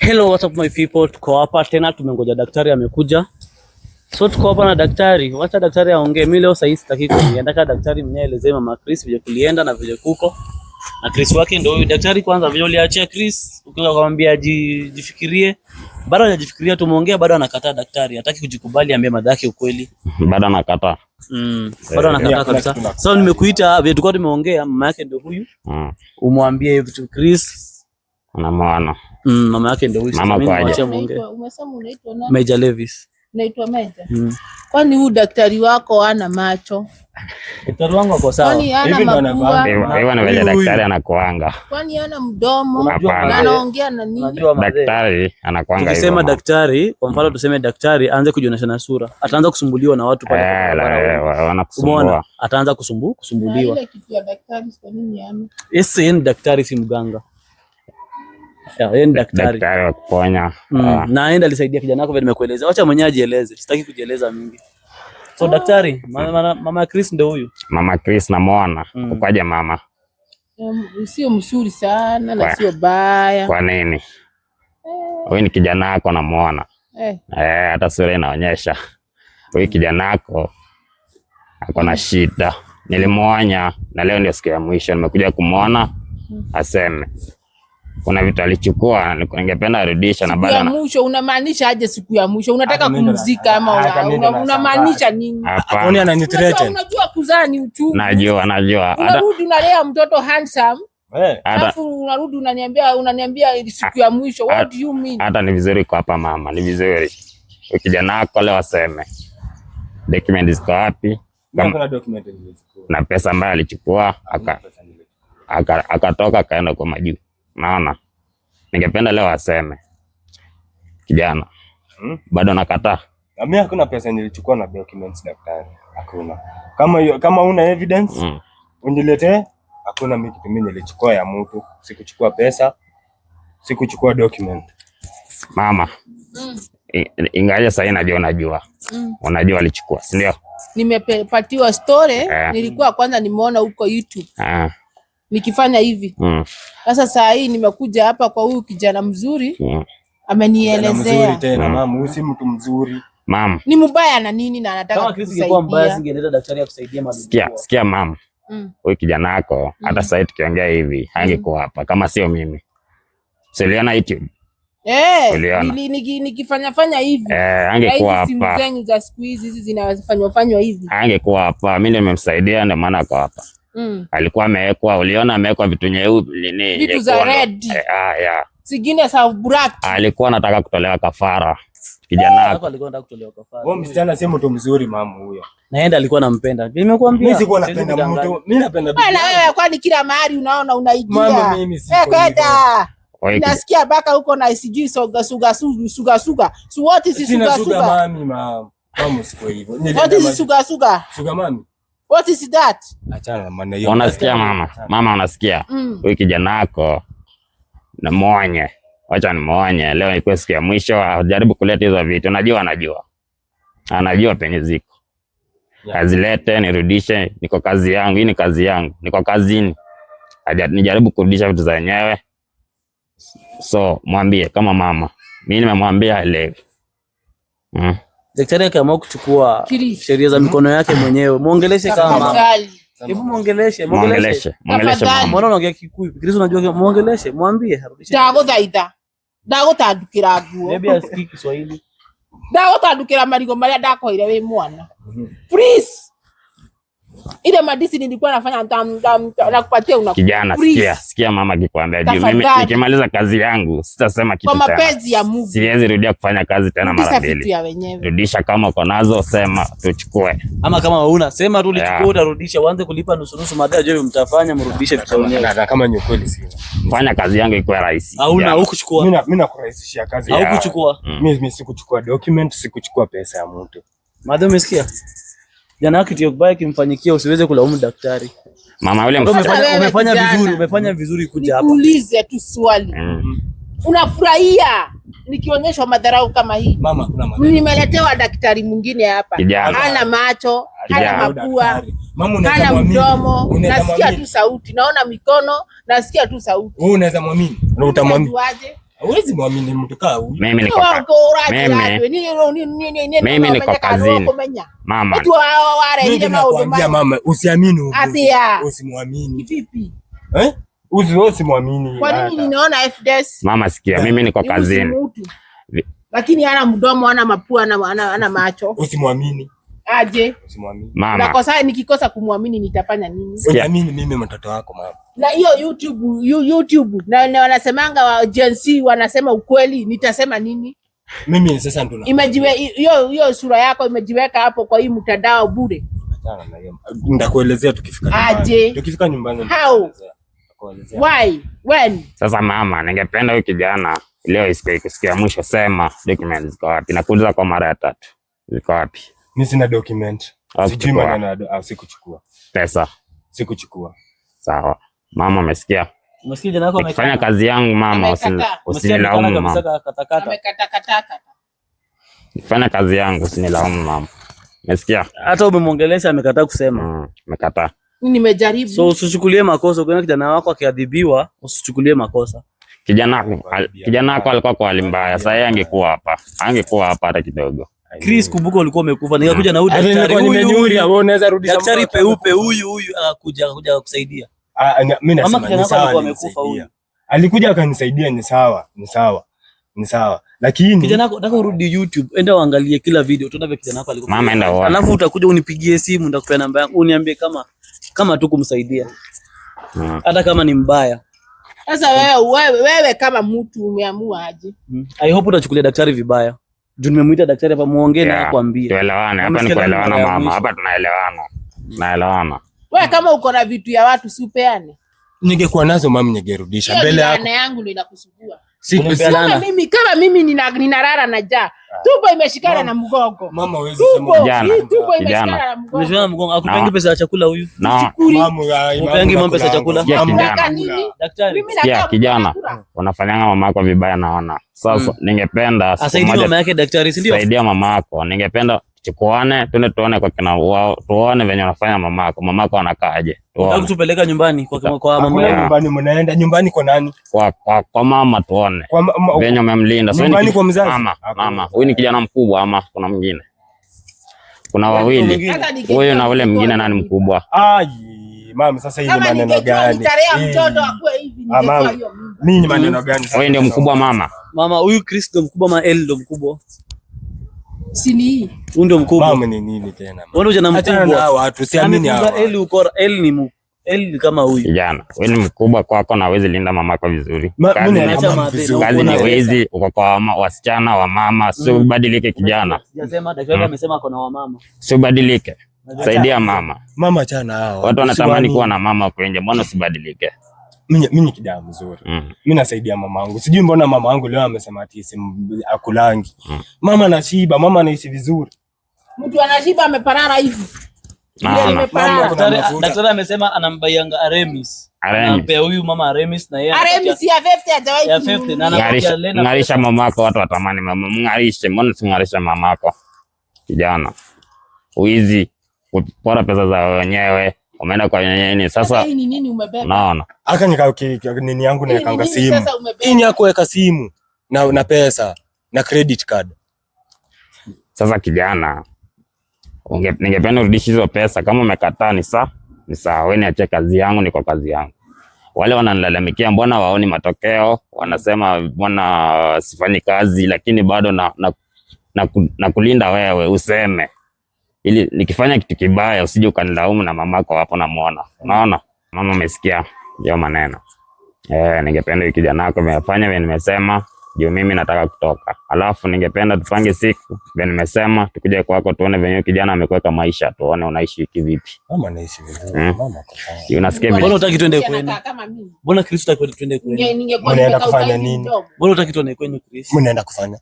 Hello, what's up my people, tuko hapa tena, tumengoja daktari amekuja, so tuko hapa na daktari. Wacha daktari aongee. Mimi leo sasa hivi sitaki kuongea, nataka daktari mwenyewe aelezee mama Chris vile kulienda na vile kuko na Chris wake ndio huyu daktari. Kwanza vile uliachia Chris, ukiwa kumwambia jifikirie, bado hajajifikiria. Tumeongea bado anakataa daktari, hataki kujikubali, ambie madha yake ukweli, bado anakataa Mm, bado anakataa kabisa. Sasa nimekuita vile tulikuwa tumeongea, mama yake ndio huyu, Mm. umwambie hivi tu Chris Unamwona mm, mama yake ndio huyu. Mama Umesema unaitwa nani? Major Levis. Naitwa Mm. Kwani huyu daktari wako ana macho? Daktari wangu ako sawa. Kwani ana mapua? daktari anakuanga. Kwani ana mdomo? Anaongea na nini? Daktari anakuanga hivyo. daktari, kwa mfano mm. tuseme daktari aanze kujionyesha na sura. Ataanza kusumbuliwa na watu pale. Eh, eh wanakusumbua. Ataanza kusumbu kusumbuliwa. Ile kitu ya daktari nini daktari si mganga yeye yaani daktari wa kuponya mm, ah. na yeye alisaidia kijana wako vile nimekueleza. Acha mwenyewe ajieleze, sitaki kujieleza mingi. So ah. daktari, mama Chris ndio huyu. Mama Chris mm. Mama um, sio mzuri sana na sio baya. Kwa nini? Huyu ni kijana wako namuona, eh. eh, hata sura inaonyesha huyu kijana wako ako na shida. Nilimuonya na leo ndio siku ya mwisho nimekuja kumwona mm. aseme kuna vitu alichukua, ningependa arudisha. Na baada ya mwisho, unamaanisha aje? Siku ya mwisho unataka kumzika ama unamaanisha nini? Hapana, anani threaten. Unajua kuzaa ni uchungu. Najua, najua. Unarudi unalea mtoto handsome eh. alafu unarudi unaniambia unaniambia siku ya mwisho. What do you mean? Hata ni vizuri kwa hapa mama, ni vizuri ukijana wako leo aseme document ziko wapi na pesa ambayo alichukua aka akatoka akaenda kwa majuu Naona ningependa leo aseme kijana, hmm? Bado nakataa. Mimi hakuna pesa nilichukua na documents daktari, hakuna. Kama kama una evidence hmm, uniletee. Hakuna, mimi kitu mimi nilichukua ya mtu, sikuchukua pesa, sikuchukua document. Mama, hmm, ingaje sasa najua unajua, hmm, unajua alichukua, si ndio? Nimepatiwa story, yeah. nilikuwa kwanza nimeona huko YouTube. Yeah nikifanya hivi mm. sasa mm. Saa hii nimekuja hapa kwa huyu kijana mzuri mm. Amenielezea mm. tena mm. mama, si mtu mzuri mama, ni mbaya na nini, na anataka kusaidia. Sikia, sikia mama, mm. huyu mm. kijana wako hata mm. sasa tukiongea hivi hangekuwa hapa kama sio mimi. Siliona YouTube eh, nikifanya fanya hivi hey, eh, angekuwa hapa, hizi hizi Simu za hivi, angekuwa hapa. mimi nimemsaidia ndio maana ako hapa mm. alikuwa amewekwa, uliona amewekwa vitu nyeupe eh, ah, zingine za black, alikuwa anataka kutolewa kafara kijana msichana si mtu mzuri mama huyo, naenda alikuwa anampenda. Nimekuambia mimi napenda wewe, ni kila mahali unaona unaigia eh, nasikia mpaka huko na sijui suga suga suga suga suga suga suga mami mama mama, siko hivyo suga suga suga mami What is that? Achana Unasikia mama? Mama unasikia? Mm. Huyu kijana wako na Wacha nimwonye Leo ilikuwa siku ya mwisho, ajaribu kuleta hizo vitu. Najua anajua. Anajua penye ziko. Yeah. Azilete, nirudishe, niko kazi yangu, hii ni kazi yangu. Niko kazini. Nijaribu kurudisha vitu za So, mwambie kama mama. mi nimemwambia elewi Mm. Daktari akaamua kuchukua sheria za mhm. mikono yake mwenyewe. Muongeleshe kama Hebu muongeleshe, muongeleshe. Muongeleshe. Mbona unaongea Kikuyu? Kirisu unajua muongeleshe, mwambie harudishe. Dago zaida. Dago tandukira nguo. maybe asikii Kiswahili. Dago tandukira marigo maria ndakoire we mwana. Mhm. Please ile madisi nilikuwa nafanya nakupatia, una kijana. Sikia, sikia mama akikwambia juu, mimi nikimaliza kazi yangu sitasema kitu tena, kwa mapenzi ya Mungu siwezi rudia kufanya kazi tena mara mbili. Rudisha kama uko nazo, sema tuchukue, ama kama huna sema tu lichukue, utarudisha. Uanze kulipa nusu nusu, madai je, mtafanya mrudishe vitu vyenyewe. Kama ni kweli, sio fanya kazi yangu ikuwe rahisi. Hauna hukuchukua, mimi mimi nakurahisishia kazi, haukuchukua. Mm. Mimi sikuchukua document, sikuchukua pesa ya mtu, madam, umesikia? jana yako kitu kimfanyikia, usiweze kulaumu daktari. Mama yule umefanya, vizuri, umefanya vizuri kuja hapa. Niulize tu swali mm. Unafurahia nikionyeshwa madharau kama hii? Mama, kuna madharau. Nimeletewa daktari mwingine hapa, hana macho, hana mapua, hana mdomo, nasikia tu sauti, naona mikono, nasikia tu sauti. Wewe unaweza muamini? Utamwamini? Huwezi mwamini mtu kaa huyu. Mimi niko mimi niko kazini. Mama. Mtu hao wale ile Mama, usiamini Atia. Usimwamini. Eh? usimwamini. Kwa nini ninaona FDS? Mama, sikia, mimi niko kazini. Lakini ana mdomo, ana mapua, ana macho. Usimwamini aje mama. Na kwa sasa nikikosa kumwamini nitafanya nini? Siamini mimi mtoto wako mama. Na hiyo YouTube, yu, YouTube na, na wanasemanga wa Gen Z wanasema ukweli, nitasema nini mimi sasa? Ndo imejiwe hiyo hiyo sura yako imejiweka hapo kwa hii mtandao bure. Ndakuelezea tukifika nyumbani, tukifika nyumbani. How? Why? When? Sasa mama, ningependa huyu kijana leo isikie kusikia mwisho, sema documents ziko wapi? Nakuuliza kwa mara ya tatu, ziko wapi? mi sina document, sijui maneno, ah, sikuchukua pesa, sikuchukua. Sawa mama, umesikia? Nikifanya kazi yangu mama, usinilaumu mama, nikifanya kazi yangu usinilaumu mama, umesikia? Hata umemwongelesha amekataa kusema, amekataa mm, Nimejaribu. So usichukulie makosa ukiona kijana wako akiadhibiwa, usichukulie makosa. Kijana wako alikuwa kwa hali mbaya, sasa yeye angekuwa hapa, angekuwa hapa hata kidogo. Chris, kumbuka ulikuwa umekufa, nikakuja na huyu daktari huyu, unaweza rudisha daktari peupe huyu huyu, akakuja akakuja kusaidia. Ah, ah, mimi nasema ni sawa, amekufa huyu, alikuja akanisaidia. Ni sawa, ni sawa, ni sawa, lakini kijana wako nataka urudi YouTube, enda uangalie kila video, utaona kijana wako alikuwa mama. Enda wapi, alafu utakuja unipigie simu, nitakupea namba yangu, uniambie kama kama tu kumsaidia, hmm. hata kama ni mbaya. Sasa wewe wewe kama mtu umeamua aje? Hmm. I hope utachukulia daktari vibaya juu nimemwita daktari hapa muongee yeah, na kuambia tuelewane. Hapa ni kuelewana mama, hapa tunaelewana, naelewana. Wewe kama uko na vitu ya watu si upeane. Ningekuwa nazo mama, ningerudisha mbele yako. yangu ndio inakusugua kama mimi, kama mimi ninalala na njaa, ah. tumbo imeshikana na mgongo. Mama hawezi sema jana. Tumbo imeshikana na mgongo. na mgongo. Akupengi pesa ya chakula huyu. Akupengi mama pesa ya chakula. Daktari. Kijana, unafanyanga mama yako vibaya naona. Sasa hmm. ningependa saidia mama yake daktari, si ndio? Saidia mama yako. Ningependa Tukuone tuende tuone kwa kina wao, tuone venye wanafanya mamako. Mamako anakaaje? Tupeleka nyumbani kwa kwa kwa mama yeah. Nyumbani mnaenda nyumbani kwa nani? Kwa kwa, kwa mama tuone. Kwa ma, venye umemlinda. sio nyumbani kwa mzazi. Mama, mama. Huyu ni kijana mkubwa ama kuna mwingine? Kuna wawili. Huyu na ule mwingine nani mkubwa? Ai, mama sasa hii ni maneno gani? Mimi ni maneno gani? Wewe ndio mkubwa mama. Mama huyu Kristo mkubwa, Mael ndio mkubwa hii. Huyu ndio mkubwa. Mama ni nini tena? Wewe mkubwa. watu siamini yaani Eli uko Eli ni mkubwa. Eli kama huyu. Kijana, wewe ni mkubwa kwako na huwezi linda mamako vizuri. Kazi ni wezi, uko kwa wasichana wa mama, mm. mm. si ubadilike kijana. siubadilike ubadilike. Saidia mama. Mama chana hao. Watu wanatamani kuwa na mama kwenye, mbona usibadilike? mimi ni kijana mzuri mm. mimi nasaidia mama yangu, sijui mbona mama yangu leo amesema ati akulangi mm. mama anashiba, mama anaishi vizuri, mtu anashiba ameparara hivi. Ah, daktari amesema anambaianga Aremis, anampea huyu mama Aremis na yeye Aremis ya 50 ya 50 na anakuja Lena. Ngarisha mamako, watu watamani mama, mngarishe. Mbona tungarisha mamako? Kijana uizi, kupora pesa za wenyewe umeenda kwa nini yaani sasa? Naona aka nika nini yangu nikaweka simu ini yako weka simu na, na pesa na credit card. Sasa kijana, ningependa urudishe hizo pesa. Kama umekataa ni saa ni saa, wewe niache kazi yangu, niko kazi yangu. Wale wananilalamikia mbona waoni matokeo, wanasema mbona sifanyi kazi, lakini bado na, na, na, na kulinda wewe useme ili nikifanya kitu kibaya usije ukanilaumu na mamako hapo namuona. Unaona? Mama amesikia hiyo maneno. Eh, ningependa wiki jana yako nimefanya vile nimesema, juu mimi nataka kutoka. Alafu ningependa tupange siku vile nimesema, tukuje kwako tuone venye kijana amekuweka maisha, tuone unaishi kivipi. Mama naishi vizuri. Hmm. Mama kafanya. Unasikia vile? Mbona unataki tuende kwenu? Mbona Kristo atakwenda tuende kwenu? Ningekuwa nataka kufanya nini? Mbona unataki tuende kwenu Kristo? Mimi naenda kufanya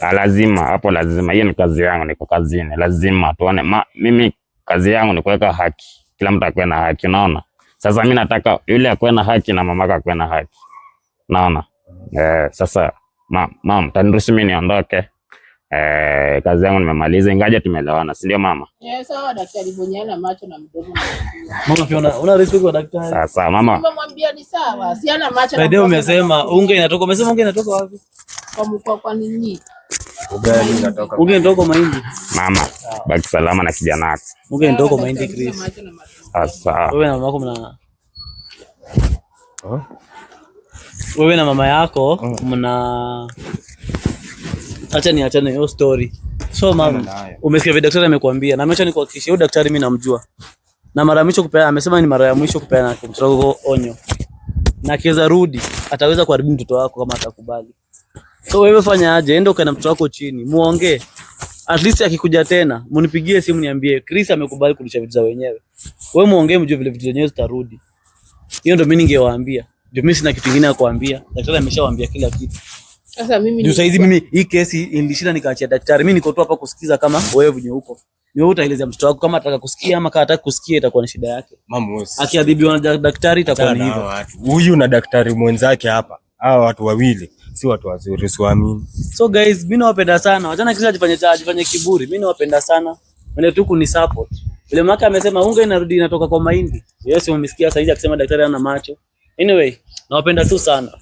Ah, lazima hapo, lazima hiyo ni kazi yangu, niko kazini, lazima tuone ma, mimi kazi yangu ni kuweka haki, kila mtu akuwe na haki. Unaona, sasa mi nataka yule akuwe na haki na mamaka akuwe na haki. Naona eh, sasa ma, mama taniruhusu mi niondoke eh, kazi yangu nimemaliza, ingaje tumeelewana, si ndio mama? Yes, sawa daktari, bonyana macho na mdomo. Mama pia una respect kwa daktari. Sasa mama, nimemwambia ni sawa, siana macho na mdomo. Umesema unga inatoka, umesema unga inatoka wapi? Uge ndoko mahindi. Mama, baki salama na kijana wako. Uge mahindi Chris. Wewe na mama yako mna Wewe na mama yako mna Acha ni achane hiyo story. So mama, umesikia vile daktari amekuambia na ameacha nikuhakikishia huyo daktari mimi namjua. Na mara ya mwisho kupea amesema ni mara ya mwisho kupea na wako onyo. Na akiweza rudi ataweza kuharibu mtoto wako kama atakubali. So wewe fanya aje, enda ukae na mtoto wako chini, muongee. At least akikuja tena, mnipigie simu niambie Chris amekubali kurudisha vitu za wenyewe. Wewe muongee mjue vile vitu zenyewe zitarudi. Hiyo ndio mimi ningewaambia. Ndio mimi sina kitu kingine ya kuambia. Daktari ameshawaambia kila kitu. Sasa mimi ndio saizi mimi hii kesi ilishinda nikaachia daktari. Mimi niko tu hapa kusikiza kama wewe venye uko. Ni wewe utaelezea mtoto wako kama ataka kusikia ama kama hataki kusikia itakuwa ni shida yake. wewe. Akiadhibiwa na daktari itakuwa ni hivyo. Huyu na daktari mwenzake hapa. Hawa watu wawili si watu wazuri, siwaamini. So guys, mimi nawapenda sana, wachana kisa jifanye cha kiburi. Mimi nawapenda sana, wende tu kuni support vile maka amesema, unga inarudi inatoka kwa mahindi. Yes, umemsikia sasa hivi akisema daktari ana macho. Anyway, nawapenda tu sana.